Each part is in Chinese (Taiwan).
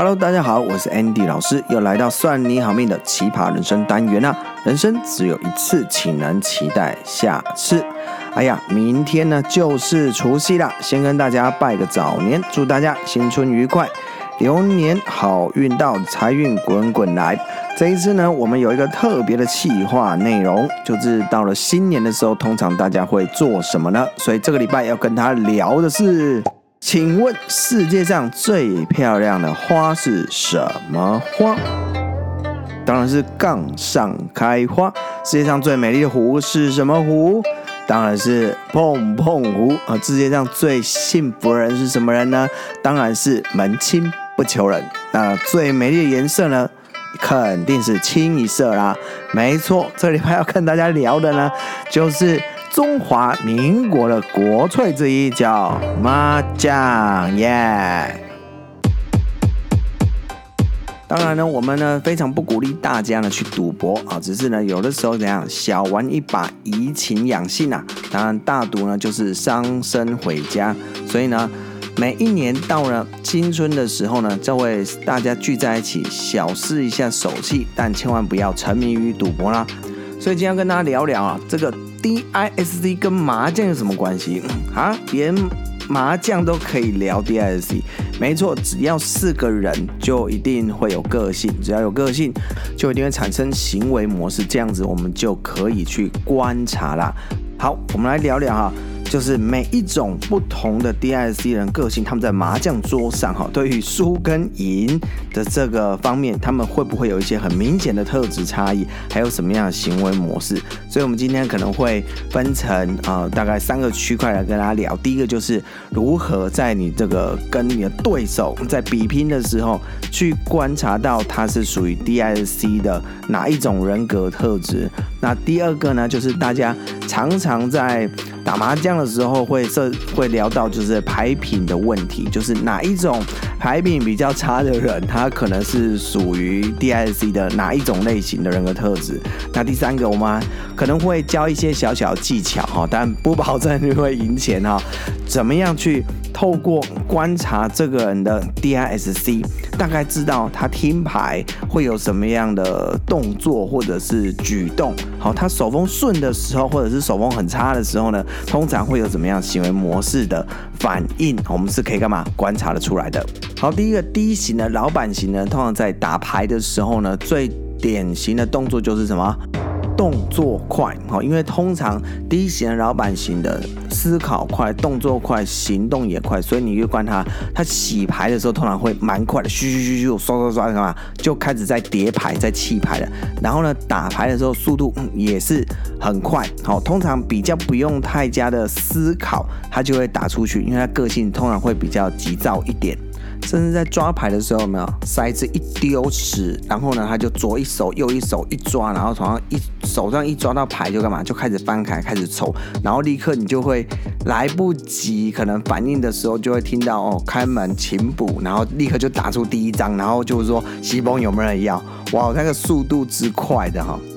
Hello，大家好，我是 Andy 老師，又來到算你好命的奇葩人生單元啦、啊。人生只有一次，豈能期待下次。哎呀，明天呢就是除夕啦，先跟大家拜個早年，祝大家新春愉快，牛年好運到，財運滾滾來。這一次呢，我們有一個特別的企劃內容，就是到了新年的時候，通常大家會做什麼呢？所以這個禮拜要跟他聊的是。請問世界上最漂亮的花是什麼花？當然是槓上開花。世界上最美麗的湖是什麼湖？當然是碰碰湖啊！世界上最幸福的人是什麼人呢？當然是門清不求人。那最美麗的顏色呢？肯定是清一色啦。沒錯，這裡還要跟大家聊的呢，就是。中華民國的國粹之一叫麻將耶。Yeah! 當然呢，我們呢非常不鼓勵大家呢去賭博啊，只是呢有的時候怎樣小玩一把怡情養性啊。當然大賭呢就是傷身回家，所以呢每一年到了新春的時候呢，就會大家聚在一起小試一下手氣，但千萬不要沉迷於賭博啦。所以今天要跟大家聊聊啊這個。D I S C 跟麻將有什麼關係啊？連麻將都可以聊 D I S C，沒錯，只要四個人就一定會有個性，只要有個性就一定會產生行為模式，這樣子我們就可以去觀察啦。好，我們來聊聊哈。就是每一種不同的 DISC 人個性，他們在麻將桌上哈，對於輸跟贏的這個方面，他們會不會有一些很明顯的特質差異？還有什麼樣的行為模式？所以我們今天可能會分成啊、呃，大概三個區塊來跟大家聊。第一個就是如何在你這個跟你的對手在比拼的時候，去觀察到他是屬於 DISC 的哪一種人格特質。那第二個呢，就是大家常常在打麻將的時候會會聊到，就是牌品的問題，就是哪一種牌品比較差的人，他可能是屬於 DISC 的哪一種類型的人格特質。那第三個我們可能會教一些小小技巧哈，但不保證你會贏錢哈。怎麼樣去透過觀察這個人的 DISC？大概知道他聽牌會有什麼樣的動作或者是舉動。好，他手風順的時候，或者是手風很差的時候呢，通常會有什麼樣行為模式的反應？我們是可以幹嘛觀察得出來的？好，第一個 D 型的老闆型呢，通常在打牌的時候呢，最典型的動作就是什麼？動作快，好，因為通常 D 型的老板型的思考快，動作快，行動也快，所以你就觀察他，他洗牌的時候通常會蠻快的，噓噓噓噓，唰唰幹嘛？就開始在疊牌，在砌牌了。然後呢，打牌的時候速度、嗯、也是很快，好，通常比較不用太加的思考，他就會打出去，因為他個性通常會比較急躁一點。甚至在抓牌的時候，有沒有骰子一丟時，然後呢，他就左一手右一手一抓，然後從一手上一抓到牌就幹嘛，就開始翻開，開始抽，然後立刻你就會來不及，可能反應的時候就會聽到哦開門請補，然後立刻就打出第一張，然後就說西風有沒有人要？哇，那個速度之快的哈、哦。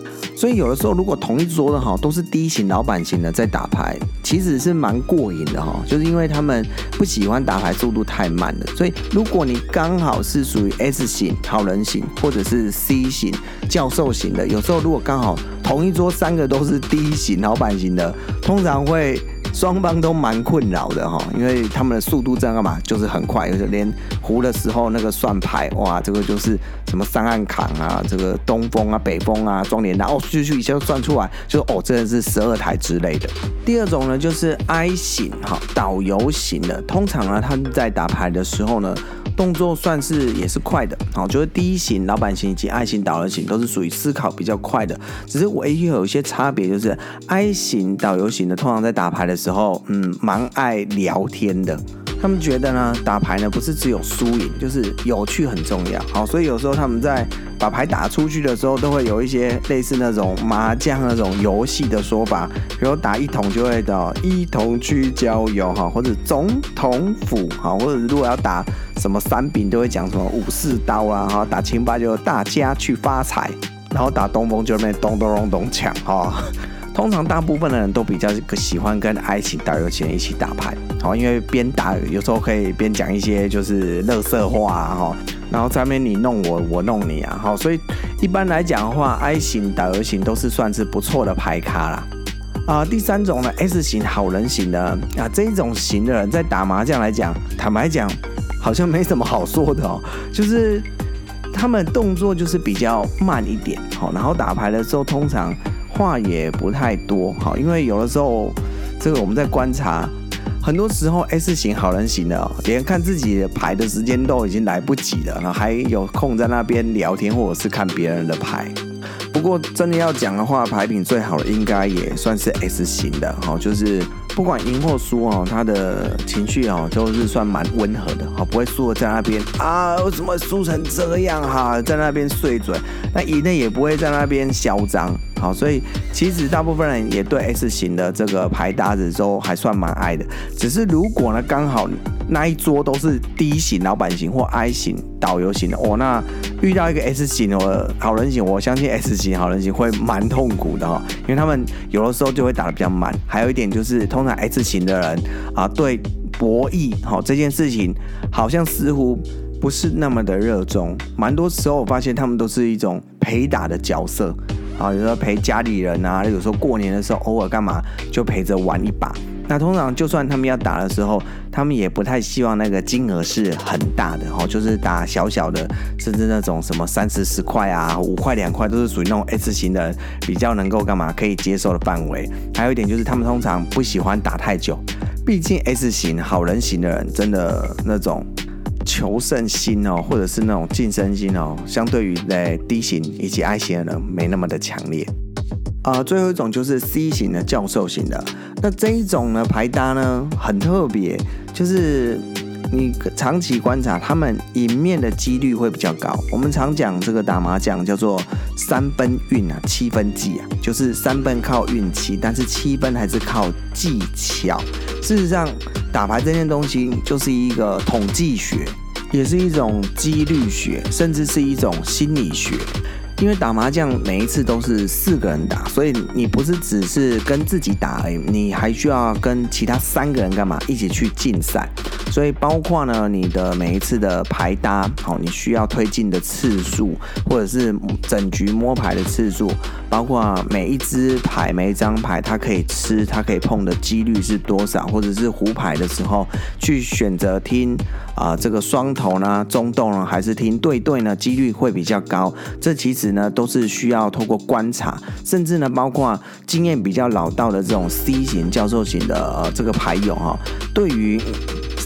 所以有的時候，如果同一桌的哈都是 D 型老闆型的在打牌，其實是蠻過癮的哈，就是因為他們不喜歡打牌速度太慢的。所以如果你剛好是屬於 S 型好人型，或者是 C 型教授型的，有時候如果剛好同一桌三個都是 D 型老闆型的，通常會。雙方都蠻困擾的哈，因為他們的速度這樣幹嘛，就是很快，就是連胡的時候那個算牌哇，這個就是什麼上暗槓啊，這個東風啊、北風啊、莊連大哦，去去一下算出來，就哦真的、這個、是十二台之類的。第二種呢就是 I 型好導遊型的，通常呢他們在打牌的時候呢動作算是也是快的，好，就是 D 型老闆型以及 I 型導遊型都是屬於思考比較快的，只是唯一有一些差別就是 I 型導遊型的通常在打牌的。時候，嗯，蠻愛聊天的。他們覺得呢，打牌呢不是只有輸贏，就是有趣很重要。好，所以有時候他們在把牌打出去的時候，都會有一些類似那種麻將那種遊戲的說法。比如打一筒就會到一筒去郊遊哈，或者總統府啊，或者如果要打什麼三餅，都會講什麼武士刀啊。打清吧，就大家去發財，然後打東風就那邊咚咚咚咚搶哈。哦通常大部分的人都比較喜歡跟 I 型導遊型一起打牌，好，因為邊打有時候可以邊講一些就是樂色話哈、啊哦，然後上面你弄我，我弄你啊，好，所以一般來講的話，I 型導遊型都是算是不錯的牌咖啦。啊、呃。第三種呢，S 型好人型的啊，這種型的人在打麻將來講，坦白講好像沒什麼好說的哦，就是他們動作就是比較慢一點，好、哦，然後打牌的時候通常。話也不太多，哈，因為有的時候，這個我們在觀察，很多時候 S 型好人型的，連看自己的牌的時間都已經來不及了，然後還有空在那邊聊天或者是看別人的牌。不過真的要講的話，牌品最好的應該也算是 S 型的，就是。不管贏或輸啊，他的情緒啊都是算蠻溫和的，好，不會輸的在那邊啊，我怎麼輸成這樣哈、啊，在那邊碎嘴，那贏的也不會在那邊囂張，好，所以其實大部分人也對 S 型的這個牌搭子都還算蠻愛的，只是如果呢剛好呢。那一桌都是 D 型老闆型或 I 型導遊型的哦，那遇到一個 S 型的好人型，我相信 S 型好人型會蠻痛苦的哦，因為他們有的時候就會打得比較慢，還有一點就是通常 S 型的人啊對博弈哈、哦、這件事情好像似乎不是那麼的熱衷，蠻多時候我發現他們都是一種陪打的角色啊，有時候陪家裡人啊，有時候過年的時候偶爾幹嘛就陪着玩一把。那通常就算他們要打的時候，他們也不太希望那個金額是很大的哦，就是打小小的，甚至那種什麼三四十塊啊、五塊兩塊都是屬於那種 S 型的，比較能夠幹嘛可以接受的範圍。還有一點就是他們通常不喜歡打太久，畢竟 S 型好人型的人真的那種求勝心哦，或者是那種晉升心哦，相對於在 D 型以及 I 型的人沒那麼的強烈。啊、呃，最後一種就是 C 型的教授型的。那這一種呢，牌搭呢，很特別，就是你長期觀察他們贏面的幾率會比較高。我們常講這個打麻將叫做三分運啊，七分技啊，就是三分靠運氣，但是七分還是靠技巧。事實上，打牌這件東西就是一個統計學，也是一種幾率學，甚至是一種心理學。因為打麻將每一次都是四個人打，所以你不是只是跟自己打而已，你還需要跟其他三個人幹嘛一起去競賽？所以包括呢，你的每一次的牌搭，好、哦，你需要推進的次數，或者是整局摸牌的次數，包括每一隻牌、每一張牌它可以吃、它可以碰的幾率是多少，或者是胡牌的時候去選擇聽。啊、呃，這個雙頭呢，中洞呢，還是聽對對呢，幾率會比較高。這其實呢，都是需要透過觀察，甚至呢，包括經驗比較老道的這種 C 型教授型的呃，這個牌友哈、哦，對於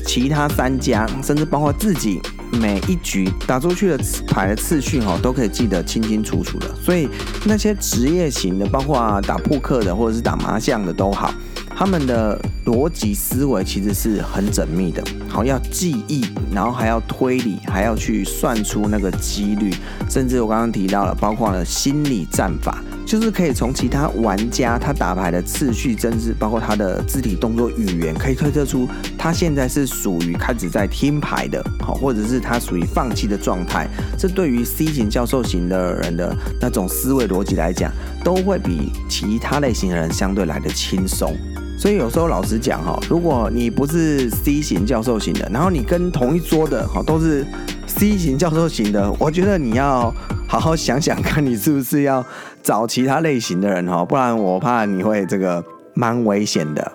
其他三家，甚至包括自己每一局打出去的牌的次序哈、哦，都可以記得清清楚楚的。所以那些職業型的，包括打撲克的，或者是打麻將的都好。他們的邏輯思維其實是很縝密的，好，要記憶，然後還要推理，還要去算出那個幾率，甚至我剛剛提到了，包括了心理戰法。就是可以從其他玩家他打牌的次序、姿勢，包括他的肢體動作、語言，可以推測出他現在是屬於開始在聽牌的，好，或者是他屬於放棄的狀態。這對於 C 型教授型的人的那種思維邏輯來講，都會比其他類型的人相對來得輕鬆。所以有時候老實講，哈，如果你不是 C 型教授型的，然後你跟同一桌的都是 C 型教授型的，我覺得你要好好想想看，你是不是要。找其他類型的人哈，不然我怕你會這個蠻危險的。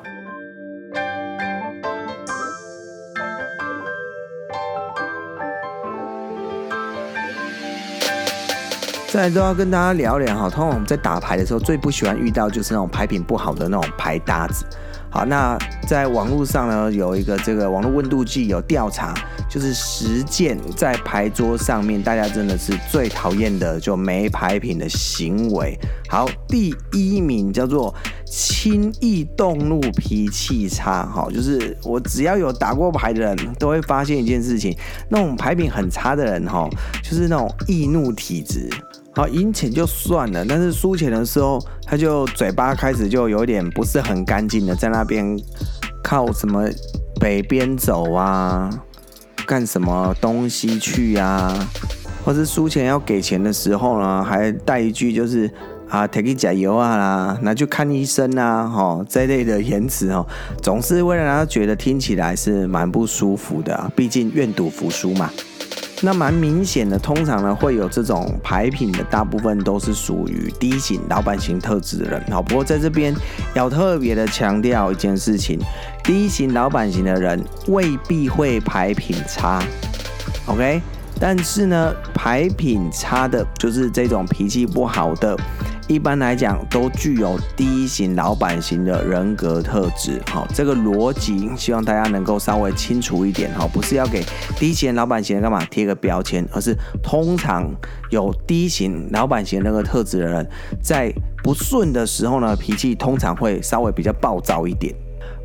再來都要跟大家聊聊哈，通常我們在打牌的時候最不喜歡遇到就是那種牌品不好的那種牌搭子。好，那在網絡上呢，有一個這個網絡溫度計有調查，就是十件在牌桌上面，大家真的是最討厭的，就沒牌品的行為。好，第一名叫做輕易動怒、脾氣差。哈，就是我只要有打過牌的人都會發現一件事情，那種牌品很差的人，哈，就是那種易怒體質。好贏錢就算了，但是輸錢的時候，他就嘴巴開始就有點不是很乾淨的，在那邊靠什麼北邊走啊，幹什麼東西去啊？或是輸錢要給錢的時候呢，還帶一句就是啊，拿去加油啊啦，拿去看醫生啊，哈、哦、這類的言辭哦，總是會讓他覺得聽起來是蠻不舒服的、啊，畢竟願賭服輸嘛。那蠻明顯的，通常呢會有這種牌品的，大部分都是屬於 D 型老板型特質的人。好，不過在這邊要特別的強調一件事情，D 型老板型的人未必會牌品差，OK？但是呢，牌品差的就是這種脾氣不好的。一般來講，都具有 D 型老闆型的人格特質。這個邏輯希望大家能夠稍微清楚一點。不是要給 D 型老闆型的幹嘛貼個標籤，而是通常有 D 型老闆型的那個特質的人，在不順的時候呢，脾氣通常會稍微比較暴躁一點。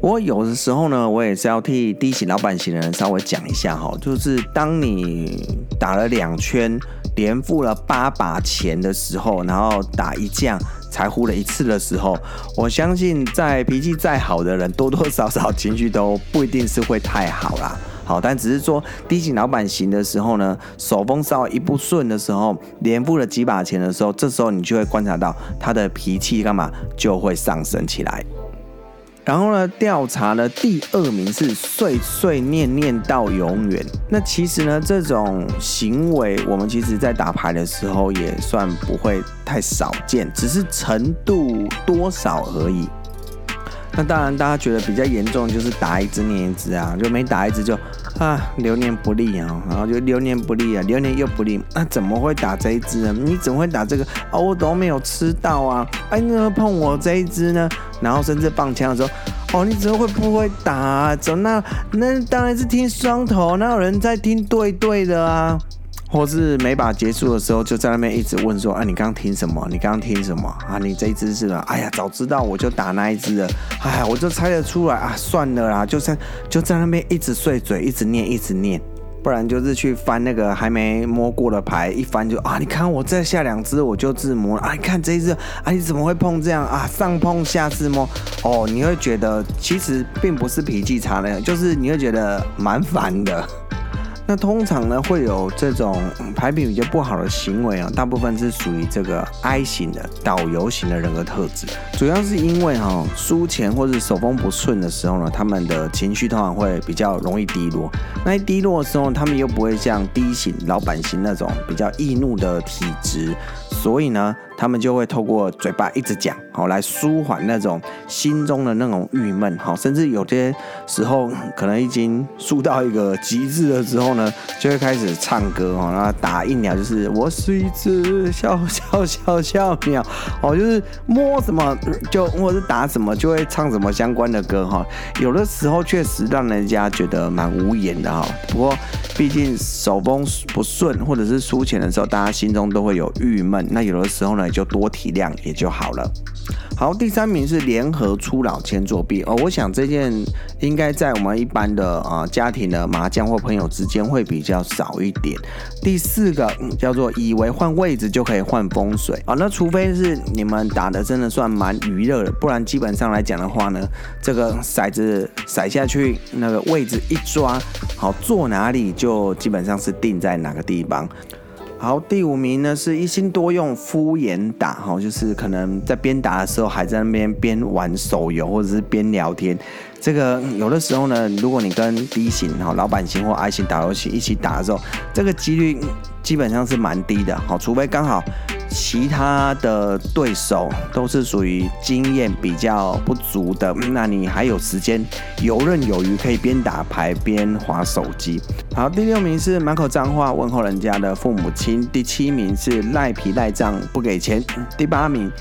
我有的時候呢，我也是要替 D 型老闆型的人稍微講一下，就是當你打了兩圈，連付了八把錢的時候，然後打一將才胡了一次的時候，我相信在脾氣再好的人，多多少少情緒都不一定是會太好啦。好，但只是說 D 型老板型的時候呢，手風稍一不順的時候，連付了幾把錢的時候，這時候你就會觀察到他的脾氣幹嘛就會上升起來。然後呢，調查的第二名是碎碎念念到永遠。那其實呢，這種行為我們其實在打牌的時候也算不會太少見，只是程度多少而已。那當然，大家覺得比較嚴重就是打一隻念一隻啊，就沒打一隻就啊流年不利啊，然後就流年不利啊，流年又不利啊，那啊，怎麼會打這一隻啊？你怎麼會打這個？啊，我都沒有吃到啊，哎，那個碰我這一隻呢？然後甚至放槍的時候，哦，你怎麼會不會打？走那那當然是聽雙頭，哪有人在聽對對的啊？或是每把結束的時候，就在那邊一直問說，啊，你剛剛聽什麼？你剛剛聽什麼啊？你這一支是的，哎呀，早知道我就打那一隻了，哎呀，我就猜得出來啊，算了啦，就在就在那邊一直碎嘴，一直念，一直念。不然就是去翻那個還沒摸過的牌，一翻就啊！你看我再下兩只我就自摸了啊！你看這一只啊！你怎麼會碰這樣啊？上碰下自摸哦，你會覺得其實並不是脾氣差那樣，就是你會覺得蠻煩的。那通常呢，會有這種牌品比較不好的行為啊，大部分是屬於這個 I 型的、導遊型的人格特質，主要是因為哈輸錢或者手風不順的時候呢，他們的情緒通常會比較容易低落。那一低落的時候，他們又不會像 D 型老闆型那種比較易怒的體質，所以呢。他們就會透過嘴巴一直講，好、哦、來舒緩那種心中的那種鬱悶，好、哦，甚至有些時候、嗯、可能已經輸到一個極致的時候呢，就會開始唱歌，哦，然後打一鳥，就是我是一隻小小小小鳥，哦，就是摸什麼就或者是打什麼就會唱什麼相關的歌，哈、哦，有的時候確實讓人家覺得蠻無言的哈、哦，不過畢竟手風不順或者是輸錢的時候，大家心中都會有鬱悶，那有的時候呢。就多體諒也就好了。好，第三名是聯合出老千作弊哦。我想這件應該在我們一般的啊、呃、家庭的麻將或朋友之間會比較少一點。第四個、嗯、叫做以為換位置就可以換風水啊、哦。那除非是你們打的真的算蠻娛樂的，不然基本上來講的話呢，這個骰子骰下去，那個位置一抓，好，坐哪裡就基本上是定在哪個地方。好，第五名呢是一心多用敷衍打，哈、哦，就是可能在邊打的時候還在那邊邊玩手遊或者是邊聊天。這個有的時候呢，如果你跟 D 型哈老板型或 I 型打遊戲一起打的時候，這個幾率基本上是蠻低的，哈、哦，除非剛好其他的對手都是屬於經驗比較不足的，那你還有時間游刃有餘，可以邊打牌邊滑手機。好，第六名是滿口髒話問候人家的父母親。第七名是賴皮賴賬不給錢。第八名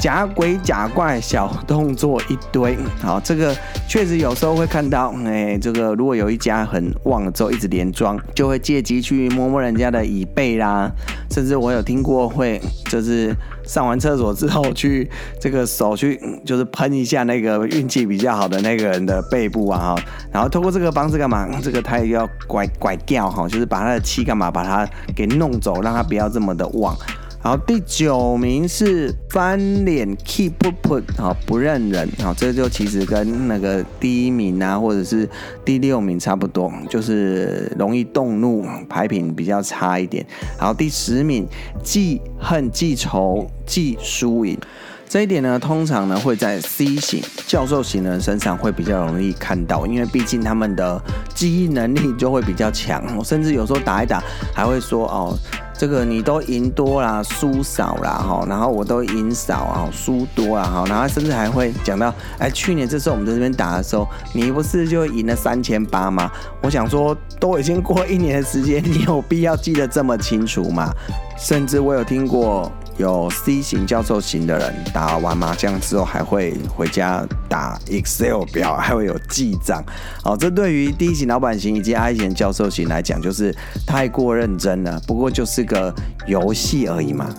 假鬼假怪，小動作一堆。好，這個確實有時候會看到，哎、欸，這個如果有一家很旺之後，一直連莊就會借機去摸摸人家的椅背啦，甚至我有聽過會就是。上完廁所之後去這個手去就是噴一下那個運氣比較好的那個人的背部啊，然後透過，這個方式幹嘛？這個他也要拐拐掉哈，就是把他的氣幹嘛，把他給弄走，讓他不要這麼的旺。好，第九名是翻臉 keep put, put，好，不認人，好，這就其實跟那個第一名啊，或者是第六名差不多，就是容易動怒，牌品比較差一點。好，第十名，記恨、記仇、記輸贏。這一點呢，通常呢會在 C 型、教授型的人身上會比較容易看到，因為畢竟他們的記憶能力就會比較強，甚至有時候打一打還會說哦，這個你都贏多啦，輸少啦，哈，然後我都贏少啊，輸多啊，哈，然後甚至還會講到，哎，去年這時候我們在這邊打的時候，你不是就贏了三千八嗎？我想說，都已經過一年的時間，你有必要記得這麼清楚嗎？甚至我有聽過。有 C 型、教授型的人打完麻將之後，還會回家打 Excel 表，還會有記賬。好、哦，這對於 D 型老板型以及 I 型教授型來講，就是太過認真了。不過就是個遊戲而已嘛。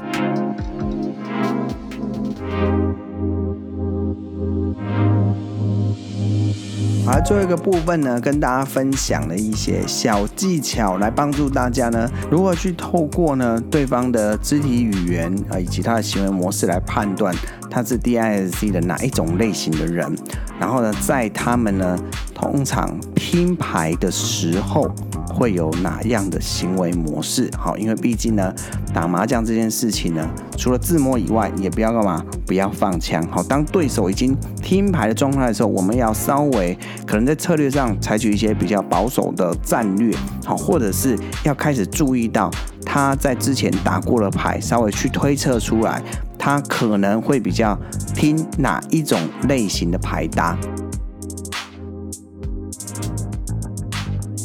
而最後一個部分呢，跟大家分享了一些小技巧，來幫助大家呢，如何去透過呢對方的肢體語言啊，以及他的行為模式來判斷。他是 DISC 的哪一種類型的人？然後呢，在他們呢通常聽牌的時候會有哪樣的行為模式？好，因為畢竟呢打麻將這件事情呢，除了自摸以外，也不要幹嘛，不要放槍。好，當對手已經聽牌的狀態的時候，我們要稍微可能在策略上採取一些比較保守的戰略。好，或者是要開始注意到他在之前打過的牌，稍微去推測出來。他可能會比較聽哪一種類型的牌搭？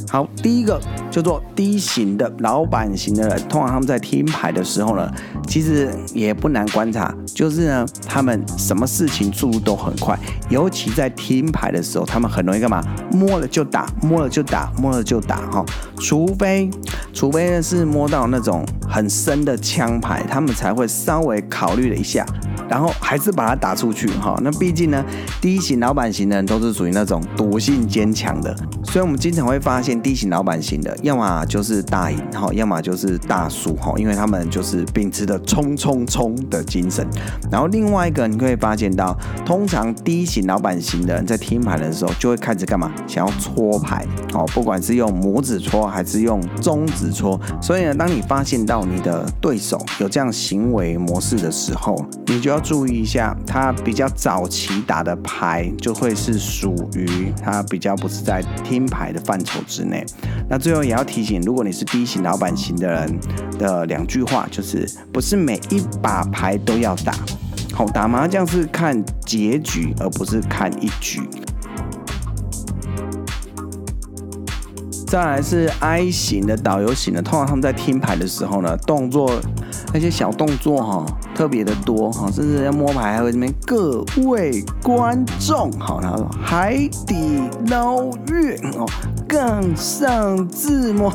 好，第一個叫做 D 型的老闆型的人，通常他們在聽牌的時候呢，其實也不難觀察，就是呢，他們什麼事情做都很快，尤其在聽牌的時候，他們很容易幹嘛？摸了就打，摸了就打，摸了就打，哦，哈，除非除非是摸到那種很深的槍牌，他們才會稍微考慮了一下。然後還是把它打出去哈。那畢竟呢，D 型老板型的人都是屬於那種獨立堅強的。所以我們經常會發現 D 型老板型的要麼就是大，要麼就是大贏哈，要麼就是大輸哈，因為他們就是秉持著衝衝衝的精神。然後另外一個，你會發現到，通常 D 型老板型的人在聽牌的時候就會開始幹嘛？想要搓牌哦，不管是用拇指搓還是用中指搓。所以呢，當你發現到你的對手有這樣行為模式的時候，你就要。要注意一下，他比較早期打的牌就會是屬於他比較不是在聽牌的範疇之內。那最後也要提醒，如果你是 D 型老板型的人的兩句話就是：不是每一把牌都要打好，打麻將是看結局，而不是看一局。當然是 I 型的導遊型的，通常他們在聽牌的時候呢，動作那些小動作哈、喔，特別的多哈，甚、喔、至要摸牌還會這邊各位觀眾好，然、喔、後海底撈月哦，槓、喔、上自摸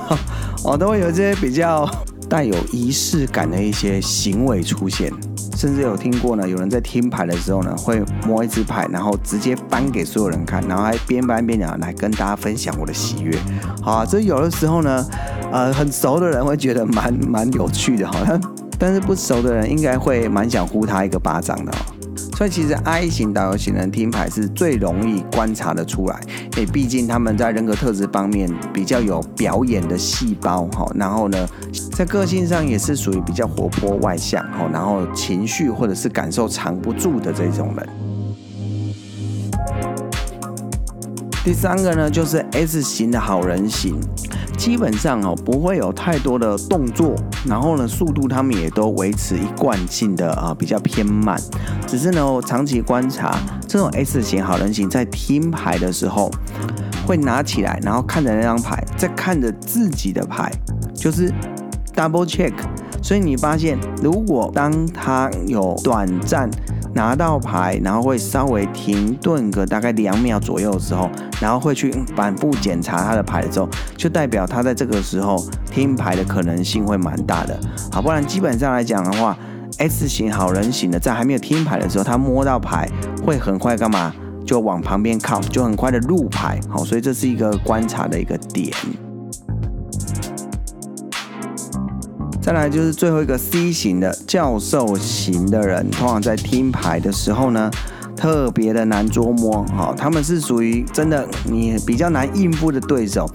哦，都會有一些比較。帶有儀式感的一些行為出現，甚至有聽過呢，有人在聽牌的時候呢，會摸一支牌，然後直接頒給所有人看，然後還邊頒邊講，來跟大家分享我的喜悅。好啊，所以有的時候呢，呃，很熟的人會覺得蠻蠻有趣的像，但是不熟的人應該會蠻想呼他一個巴掌的。所以其實 I 型導遊型人聽牌是最容易觀察得出來。誒，畢竟他們在人格特質方面比較有表演的細胞哈，然後呢，在個性上也是屬於比較活潑外向哈，然後情緒或者是感受藏不住的這種人。第三個呢，就是 S 型的好人型，基本上哦不會有太多的動作，然後呢速度他們也都維持一貫性的啊，比較偏慢。只是呢我長期觀察，這種 S 型好人型在聽牌的時候，會拿起來，然後看着那張牌，再看着自己的牌，就是 double check。所以你發現，如果當他有短暫拿到牌，然後會稍微停頓個大概兩秒左右的時候，然後會去反覆檢查他的牌的時候，就代表他在這個時候聽牌的可能性會蠻大的。好，不然基本上來講的話，S 型好人型的在還沒有聽牌的時候，他摸到牌會很快幹嘛？就往旁邊靠，就很快的入牌。好、哦，所以這是一個觀察的一個點。再來就是最後一個 C 型的教授型的人，通常在聽牌的時候呢，特別的難捉摸哈。他們是屬於真的你比較難應付的對手，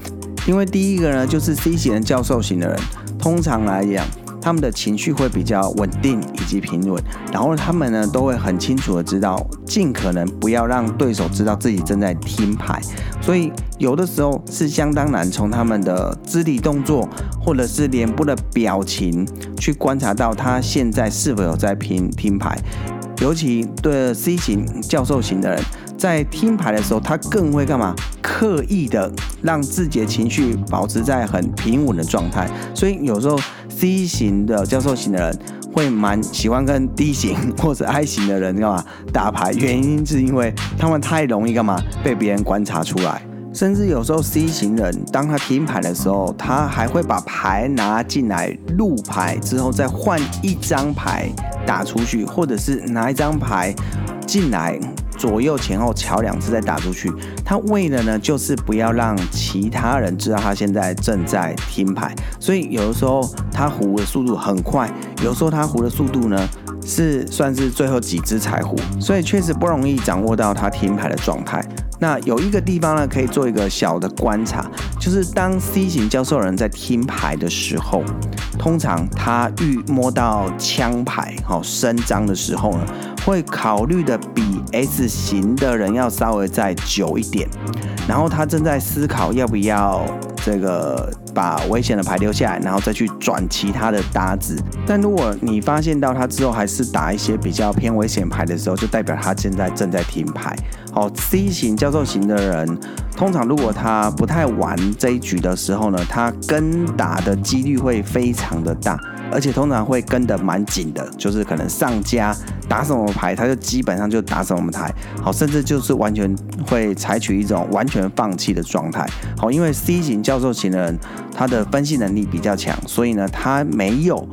因為第一個呢，就是 C 型的教授型的人，通常來講。他們的情緒會比較穩定以及平穩，然後他們呢都會很清楚的知道，盡可能不要讓對手知道自己正在聽牌，所以有的時候是相當難從他們的肢體動作或者是臉部的表情去觀察到他現在是否有在聽聽牌，尤其對 C 型教授型的人，在聽牌的時候，他更會幹嘛？刻意的讓自己的情緒保持在很平穩的狀態，所以有時候。C 型的教授型的人會蠻喜歡跟 D 型或者 I 型的人幹嘛打牌，原因是因為他們太容易幹嘛被別人觀察出來，甚至有時候 C 型人當他聽牌的時候，他還會把牌拿進來入牌之後再換一張牌打出去，或者是拿一張牌進來。左右前後敲兩次再打出去，他為了呢，就是不要讓其他人知道他現在正在聽牌，所以有的時候他胡的速度很快，有時候他胡的速度呢是算是最後幾隻才胡，所以確實不容易掌握到他聽牌的狀態。那有一個地方呢，可以做一個小的觀察，就是當 C 型教授人在聽牌的時候，通常他預摸到槍牌、好、哦、伸張的時候呢，會考慮的比。S, S 型的人要稍微再久一點，然後他正在思考要不要這個把危險的牌留下來，然後再去轉其他的搭子。但如果你發現到他之後還是打一些比較偏危險牌的時候，就代表他現在正在停牌。好，C 型教授型的人，通常如果他不太玩這一局的時候呢，他跟打的幾率會非常的大。而且通常會跟得蠻緊的，就是可能上家打什麼牌，他就基本上就打什麼牌，好，甚至就是完全會採取一種完全放棄的狀態，好，因為 C 型教授型的人，他的分析能力比較強，所以呢，他沒有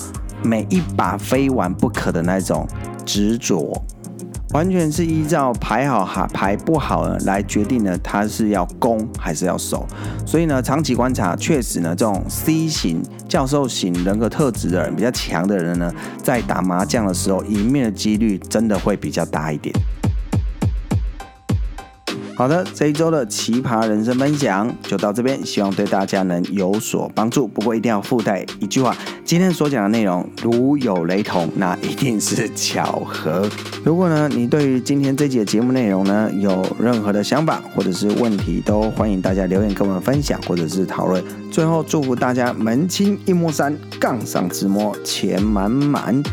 每一把非玩不可的那種執着。完全是依照牌好哈，牌不好呢來決定的，他是要攻還是要守？所以呢，長期觀察確實呢，這種 C 型教授型人格特質的人比較強的人呢，在打麻將的時候贏面的幾率真的會比較大一點。好的，這一周的奇葩人生分享就到這邊，希望對大家能有所幫助。不過一定要附帶一句話：今天所講的內容如有雷同，那一定是巧合。如果呢，你對於今天這期節目內容呢有任何的想法或者是問題，都歡迎大家留言跟我們分享或者是討論。最後祝福大家門清一摸三，槓上自摸錢滿滿，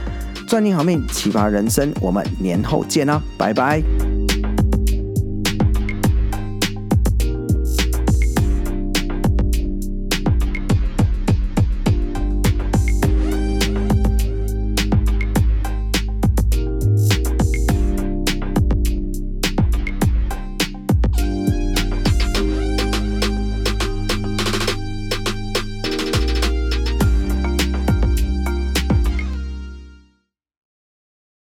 算你好命，奇葩人生，我們年後見啊、哦，拜拜。